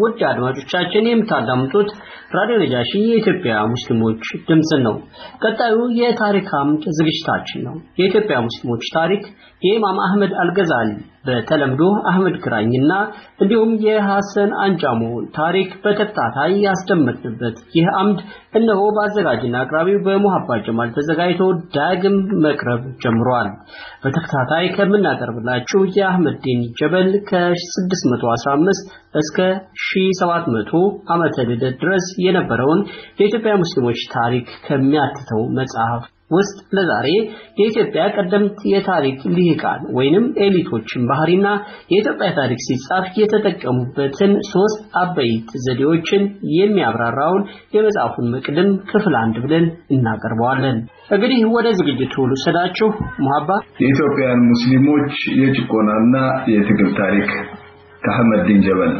ውድ አድማጮቻችን የምታዳምጡት ራዲዮ ነጃሺ የኢትዮጵያ ሙስሊሞች ድምፅን ነው። ቀጣዩ የታሪክ አምድ ዝግጅታችን ነው። የኢትዮጵያ ሙስሊሞች ታሪክ የኢማም አህመድ አልገዛሊ በተለምዶ አህመድ ክራኝና እንዲሁም የሐሰን አንጃሞ ታሪክ በተከታታይ ያስደመጥንበት ይህ አምድ እነሆ በአዘጋጅና አቅራቢው በሙሐባ ጀማል ተዘጋጅቶ ዳግም መቅረብ ጀምሯል። በተከታታይ ከምናቀርብላችሁ የአህመድዲን ጀበል ከ615 እስከ 1700 ዓመተ ልደት ድረስ የነበረውን የኢትዮጵያ ሙስሊሞች ታሪክ ከሚያትተው መጽሐፍ ውስጥ ለዛሬ የኢትዮጵያ ቀደምት የታሪክ ልሂቃን ወይንም ኤሊቶችን ባህሪና የኢትዮጵያ ታሪክ ሲጻፍ የተጠቀሙበትን ሶስት አበይት ዘዴዎችን የሚያብራራውን የመጽሐፉን መቅድም ክፍል አንድ ብለን እናቀርበዋለን። እንግዲህ ወደ ዝግጅቱ ልውሰዳችሁ። ሙሀባ የኢትዮጵያውያን ሙስሊሞች የጭቆናና የትግል ታሪክ ከአህመድ ዲን ጀበል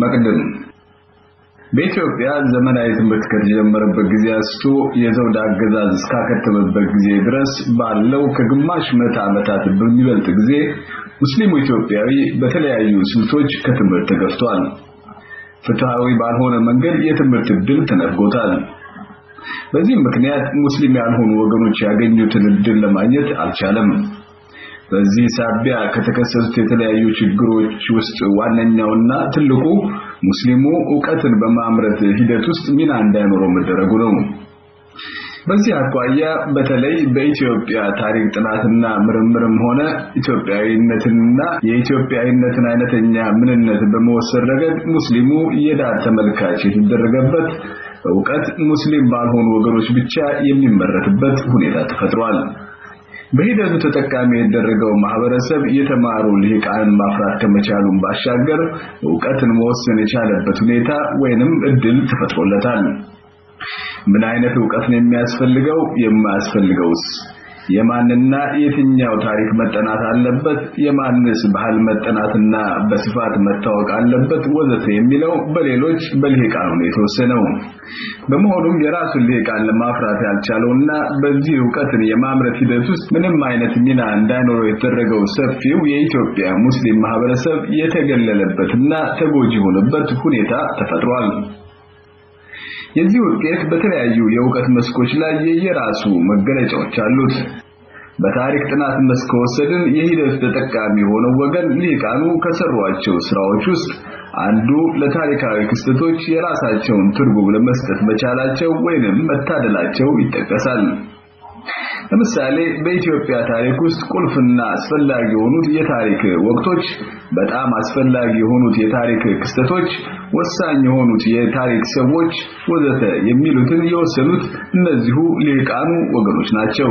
መቅደም በኢትዮጵያ ዘመናዊ ትምህርት ከተጀመረበት ጊዜ አንስቶ የዘውድ አገዛዝ እስካከተመበት ጊዜ ድረስ ባለው ከግማሽ ምዕተ ዓመታት በሚበልጥ ጊዜ ሙስሊሙ ኢትዮጵያዊ በተለያዩ ስልቶች ከትምህርት ተገፍቷል። ፍትሃዊ ባልሆነ መንገድ የትምህርት እድል ተነፍጎታል። በዚህም ምክንያት ሙስሊም ያልሆኑ ወገኖች ያገኙትን እድል ለማግኘት አልቻለም። በዚህ ሳቢያ ከተከሰቱት የተለያዩ ችግሮች ውስጥ ዋነኛውና ትልቁ ሙስሊሙ እውቀትን በማምረት ሂደት ውስጥ ሚና እንዳይኖረው መደረጉ ነው። በዚህ አኳያ በተለይ በኢትዮጵያ ታሪክ ጥናትና ምርምርም ሆነ ኢትዮጵያዊነትንና የኢትዮጵያዊነትን አይነተኛ ምንነት በመወሰድ ረገድ ሙስሊሙ የዳር ተመልካች የተደረገበት እውቀት ሙስሊም ባልሆኑ ወገኖች ብቻ የሚመረትበት ሁኔታ ተፈጥሯል። በሂደቱ ተጠቃሚ የደረገው ማህበረሰብ የተማሩ ሊቃን ማፍራት ከመቻሉን ባሻገር እውቀትን መወሰን የቻለበት ሁኔታ ወይንም እድል ተፈጥሮለታል። ምን አይነት እውቀት ነው የሚያስፈልገው? የማያስፈልገውስ? የማንና የትኛው ታሪክ መጠናት አለበት፣ የማንስ ባህል መጠናትና በስፋት መታወቅ አለበት ወዘተ የሚለው በሌሎች በልሂቃኑ ነው የተወሰነው። በመሆኑም የራሱን ልሂቃን ለማፍራት ያልቻለውና በዚህ እውቀትን የማምረት ሂደት ውስጥ ምንም አይነት ሚና እንዳይኖረው የተደረገው ሰፊው የኢትዮጵያ ሙስሊም ማህበረሰብ የተገለለበትና ተጎጂ የሆነበት ሁኔታ ተፈጥሯል። የዚህ ውጤት በተለያዩ የእውቀት መስኮች ላይ የየራሱ መገለጫዎች አሉት። በታሪክ ጥናት መስክ ከወሰድን የሂደት ተጠቃሚ የሆነው ወገን ሊቃኑ ከሰሯቸው ስራዎች ውስጥ አንዱ ለታሪካዊ ክስተቶች የራሳቸውን ትርጉም ለመስጠት መቻላቸው ወይንም መታደላቸው ይጠቀሳል። ለምሳሌ በኢትዮጵያ ታሪክ ውስጥ ቁልፍና አስፈላጊ የሆኑት የታሪክ ወቅቶች፣ በጣም አስፈላጊ የሆኑት የታሪክ ክስተቶች፣ ወሳኝ የሆኑት የታሪክ ሰዎች ወዘተ የሚሉትን የወሰኑት እነዚሁ ሊቃኑ ወገኖች ናቸው።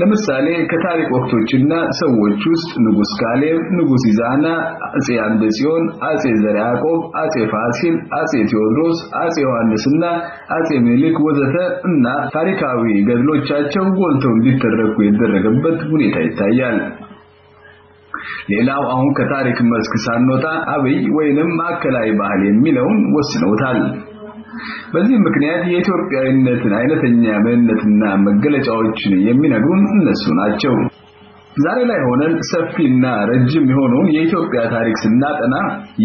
ለምሳሌ ከታሪክ ወቅቶችና ሰዎች ውስጥ ንጉስ ካሌብ፣ ንጉስ ይዛና፣ አጼ አምደ አጼ ዘርዓ አጼ ፋሲል፣ አጼ ቴዎድሮስ፣ አጼ ዮሐንስና አጼ ምኒልክ ወዘተ እና ታሪካዊ ገድሎቻቸው ጎልተው እንዲተረኩ የተደረገበት ሁኔታ ይታያል። ሌላው አሁን ከታሪክ መስክ ሳንወጣ አብይ ወይንም ማዕከላዊ ባህል የሚለውን ወስነውታል። በዚህ ምክንያት የኢትዮጵያዊነትን አይነተኛ ምንነትና መገለጫዎችን የሚነግሩን እነሱ ናቸው። ዛሬ ላይ ሆነን ሰፊና ረጅም የሆነውን የኢትዮጵያ ታሪክ ስናጠና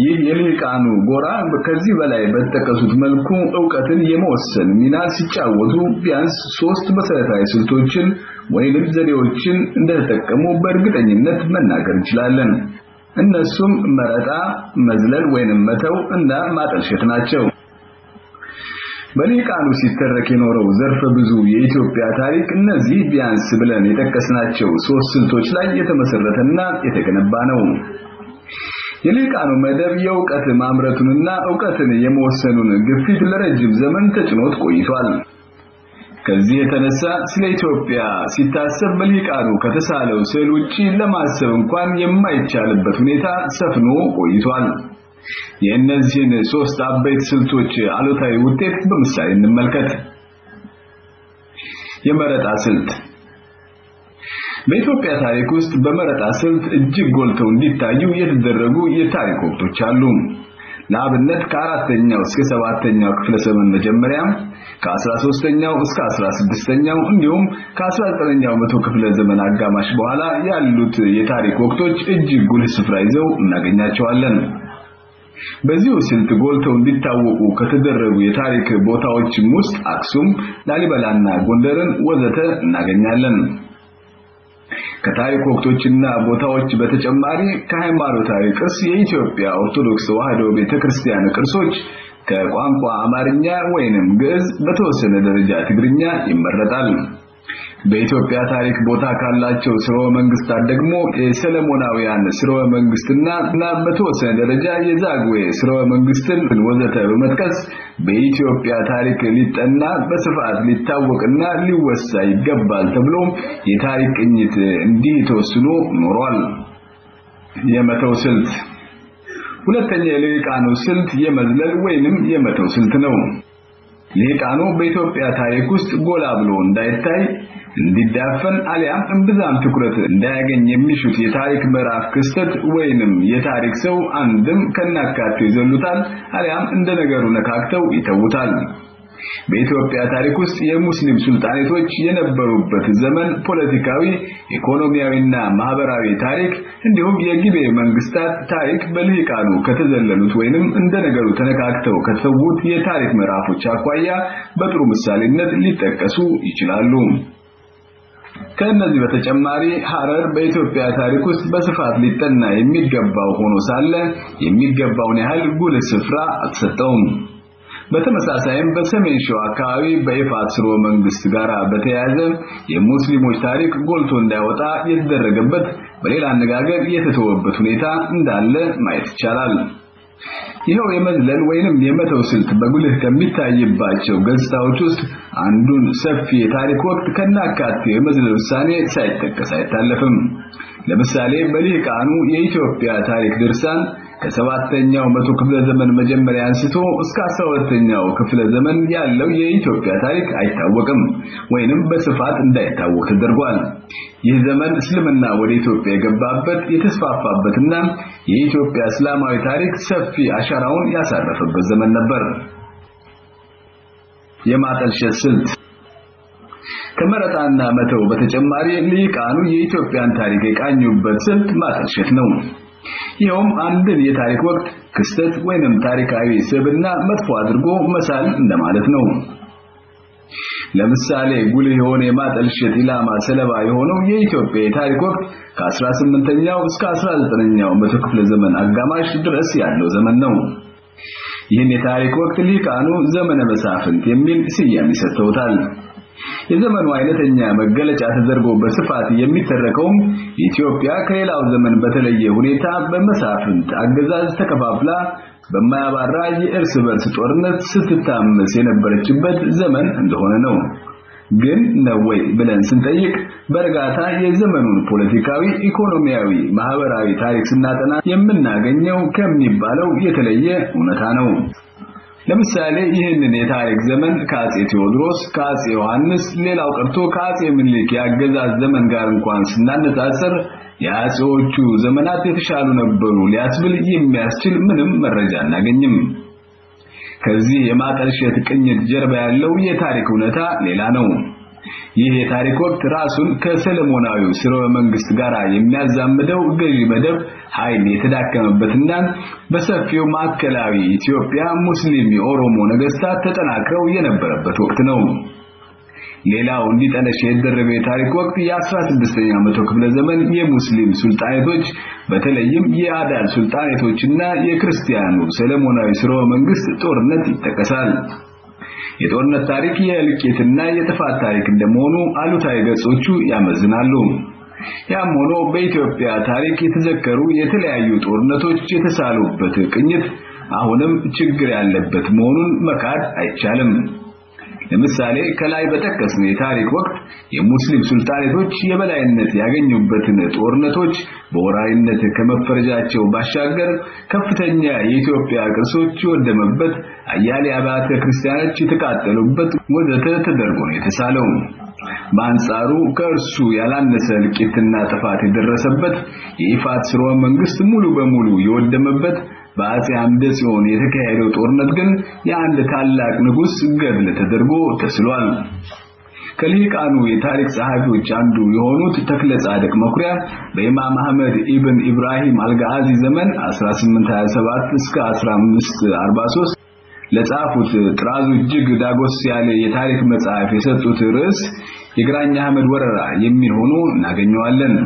ይህ የልሂቃኑ ጎራ ከዚህ በላይ በተጠቀሱት መልኩ ዕውቀትን የመወሰን ሚና ሲጫወቱ ቢያንስ ሶስት መሰረታዊ ስልቶችን ወይንም ዘዴዎችን እንደተጠቀሙ በእርግጠኝነት መናገር እንችላለን። እነሱም መረጣ፣ መዝለል ወይንም መተው እና ማጠልሸት ናቸው። በሊቃኑ ሲተረክ የኖረው ዘርፈ ብዙ የኢትዮጵያ ታሪክ እነዚህ ቢያንስ ብለን የጠቀስናቸው ሶስት ስልቶች ላይ የተመሰረተና የተገነባ ነው። የሊቃኑ መደብ የእውቀት ማምረቱንና እውቀትን የመወሰኑን ግፊት ለረጅም ዘመን ተጭኖት ቆይቷል። ከዚህ የተነሳ ስለ ኢትዮጵያ ሲታሰብ በሊቃኑ ከተሳለው ስዕል ውጪ ለማሰብ እንኳን የማይቻልበት ሁኔታ ሰፍኖ ቆይቷል። የእነዚህን ሶስት አበይት ስልቶች አሉታዊ ውጤት በምሳሌ እንመልከት። የመረጣ ስልት በኢትዮጵያ ታሪክ ውስጥ በመረጣ ስልት እጅግ ጎልተው እንዲታዩ የተደረጉ የታሪክ ወቅቶች አሉ። ለአብነት ከአራተኛው እስከ ሰባተኛው ክፍለ ዘመን መጀመሪያ ከ13ኛው እስከ 16ኛው እንዲሁም ከ19ኛው መቶ ክፍለ ዘመን አጋማሽ በኋላ ያሉት የታሪክ ወቅቶች እጅግ ጉልህ ስፍራ ይዘው እናገኛቸዋለን። በዚሁ ስልት ጎልተው እንዲታወቁ ከተደረጉ የታሪክ ቦታዎችም ውስጥ አክሱም፣ ላሊበላና ጎንደርን ወዘተ እናገኛለን። ከታሪክ ወቅቶችና ቦታዎች በተጨማሪ ከሃይማኖታዊ ቅርስ የኢትዮጵያ ኦርቶዶክስ ተዋሕዶ ቤተክርስቲያን ቅርሶች ከቋንቋ አማርኛ ወይንም ግዕዝ በተወሰነ ደረጃ ትግርኛ ይመረጣል። በኢትዮጵያ ታሪክ ቦታ ካላቸው ስርወ መንግስታት ደግሞ የሰለሞናውያን ስርወ መንግስትና እና በተወሰነ ደረጃ የዛግዌ ስርወ መንግስትን ወዘተ በመጥቀስ በኢትዮጵያ ታሪክ ሊጠና በስፋት ሊታወቅና ሊወሳ ይገባል ተብሎ የታሪክ ቅኝት እንዲህ ተወስኖ ኖሯል። የመተው ስልት ሁለተኛ የልሂቃኑ ስልት የመዝለል ወይንም የመተው ስልት ነው። ልሂቃኑ በኢትዮጵያ ታሪክ ውስጥ ጎላ ብሎ እንዳይታይ እንዲዳፈን አሊያም እንብዛም ትኩረት እንዳያገኝ የሚሹት የታሪክ ምዕራፍ ክስተት ወይንም የታሪክ ሰው አንድም ከናካቴው ይዘሉታል አሊያም እንደ ነገሩ ነካክተው ይተውታል። በኢትዮጵያ ታሪክ ውስጥ የሙስሊም ሱልጣኔቶች የነበሩበት ዘመን ፖለቲካዊ፣ ኢኮኖሚያዊና ማህበራዊ ታሪክ እንዲሁም የጊቤ መንግስታት ታሪክ በልሂቃኑ ከተዘለሉት ወይንም እንደነገሩ ተነካክተው ከተሰዉት የታሪክ ምዕራፎች አኳያ በጥሩ ምሳሌነት ሊጠቀሱ ይችላሉ። ከነዚህ በተጨማሪ ሐረር በኢትዮጵያ ታሪክ ውስጥ በስፋት ሊጠና የሚገባው ሆኖ ሳለ የሚገባውን ያህል ጉልህ ስፍራ አልተሰጠውም። በተመሳሳይም በሰሜን ሸዋ አካባቢ በይፋት መንግስት ጋር በተያያዘ የሙስሊሞች ታሪክ ጎልቶ እንዳይወጣ የተደረገበት በሌላ አነጋገር የተተወበት ሁኔታ እንዳለ ማየት ይቻላል። ይኸው የመዝለል ወይንም የመተው ስልት በጉልህ ከሚታይባቸው ገጽታዎች ውስጥ አንዱን ሰፊ የታሪክ ወቅት ከናካቴው የመዝለል ውሳኔ ሳይጠቀስ አይታለፍም። ለምሳሌ በሊቃኑ የኢትዮጵያ ታሪክ ድርሳን ከሰባተኛው መቶ ክፍለ ዘመን መጀመሪያ አንስቶ እስከ 12ኛው ክፍለ ዘመን ያለው የኢትዮጵያ ታሪክ አይታወቅም ወይንም በስፋት እንዳይታወቅ ተደርጓል። ይህ ዘመን እስልምና ወደ ኢትዮጵያ የገባበት የተስፋፋበትና የኢትዮጵያ እስላማዊ ታሪክ ሰፊ አሻራውን ያሳረፈበት ዘመን ነበር። የማጠልሸት ስልት ከመረጣና መተው በተጨማሪ ሊቃኑ የኢትዮጵያን ታሪክ የቃኙበት ስልት ማጠልሸት ነው። ይሄውም አንድን የታሪክ ወቅት ክስተት ወይንም ታሪካዊ ስብና መጥፎ አድርጎ መሳል እንደማለት ነው። ለምሳሌ ጉልህ የሆነ የማጠልሸት ኢላማ ሰለባ የሆነው የኢትዮጵያ የታሪክ ወቅት ከ18ኛው እስከ 19ኛው መቶ ክፍለ ዘመን አጋማሽ ድረስ ያለው ዘመን ነው። ይህን የታሪክ ወቅት ሊቃኑ ዘመነ መሳፍንት የሚል ስያሜ ሰጥተውታል። የዘመኑ አይነተኛ መገለጫ ተደርጎ በስፋት የሚተረከውም ኢትዮጵያ ከሌላው ዘመን በተለየ ሁኔታ በመሳፍንት አገዛዝ ተከፋፍላ በማያባራ የእርስ በርስ ጦርነት ስትታመስ የነበረችበት ዘመን እንደሆነ ነው። ግን ነው ወይ ብለን ስንጠይቅ በእርጋታ የዘመኑን ፖለቲካዊ፣ ኢኮኖሚያዊ፣ ማህበራዊ ታሪክ ስናጠና የምናገኘው ከሚባለው የተለየ እውነታ ነው። ለምሳሌ ይህንን የታሪክ ዘመን ከአጼ ቴዎድሮስ ከአጼ ዮሐንስ ሌላው ቀርቶ ከአጼ ምኒልክ ያገዛዝ ዘመን ጋር እንኳን ስናነጻጽር የአጼዎቹ ዘመናት የተሻሉ ነበሩ ሊያስብል የሚያስችል ምንም መረጃ አናገኝም። ከዚህ የማጠልሸት ቅኝት ጀርባ ያለው የታሪክ እውነታ ሌላ ነው። ይህ የታሪክ ወቅት ራሱን ከሰለሞናዊ ስርወ መንግስት ጋር የሚያዛምደው ገዢ መደብ ኃይል የተዳከመበትና በሰፊው ማዕከላዊ ኢትዮጵያ ሙስሊም የኦሮሞ ነገስታት ተጠናክረው የነበረበት ወቅት ነው። ሌላው እንዲጠነሽ የደረበ የታሪክ ወቅት የ 16 ኛ መቶ ክፍለ ዘመን የሙስሊም ሱልጣኔቶች በተለይም የአዳል ሱልጣኔቶችና የክርስቲያኑ ሰለሞናዊ ስርወ መንግስት ጦርነት ይጠቀሳል። የጦርነት ታሪክ የእልቂትና የጥፋት ታሪክ እንደመሆኑ አሉታዊ ገጾቹ ያመዝናሉ። ያም ሆኖ በኢትዮጵያ ታሪክ የተዘከሩ የተለያዩ ጦርነቶች የተሳሉበት ቅኝት አሁንም ችግር ያለበት መሆኑን መካድ አይቻልም። ለምሳሌ ከላይ በተከስነ የታሪክ ወቅት የሙስሊም ሱልጣኔቶች የበላይነት ያገኙበትን ጦርነቶች በወራሪነት ከመፈረጃቸው ባሻገር ከፍተኛ የኢትዮጵያ ቅርሶች ወደመበት አያሌ አብያተ ክርስቲያኖች የተቃጠሉበት ወዘተ ተደርጎ ነው የተሳለው። በአንጻሩ ከእርሱ ያላነሰ እልቂትና ጥፋት የደረሰበት የይፋት ስርወ መንግስት ሙሉ በሙሉ የወደመበት በአጼ አምደ ጽዮን የተካሄደው ጦርነት ግን የአንድ ታላቅ ንጉሥ ገድል ተደርጎ ተስሏል። ከሊቃኑ የታሪክ ጸሐፊዎች አንዱ የሆኑት ተክለ ጻድቅ መኩሪያ በኢማም አህመድ ኢብን ኢብራሂም አልጋዚ ዘመን 1827 እስከ 1543 ለጻፉት ጥራዙ እጅግ ዳጎስ ያለ የታሪክ መጽሐፍ የሰጡት ርዕስ የግራኝ አህመድ ወረራ የሚል ሆኖ እናገኘዋለን።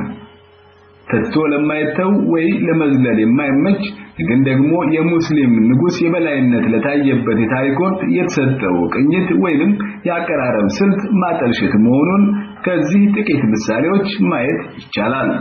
ተቶ ለማይተው ወይ ለመዝለል የማይመች ግን ደግሞ የሙስሊም ንጉስ የበላይነት ለታየበት የታሪኮርት የተሰጠው ቅኝት ወይንም የአቀራረብ ስልት ማጠልሸት መሆኑን ከዚህ ጥቂት ምሳሌዎች ማየት ይቻላል።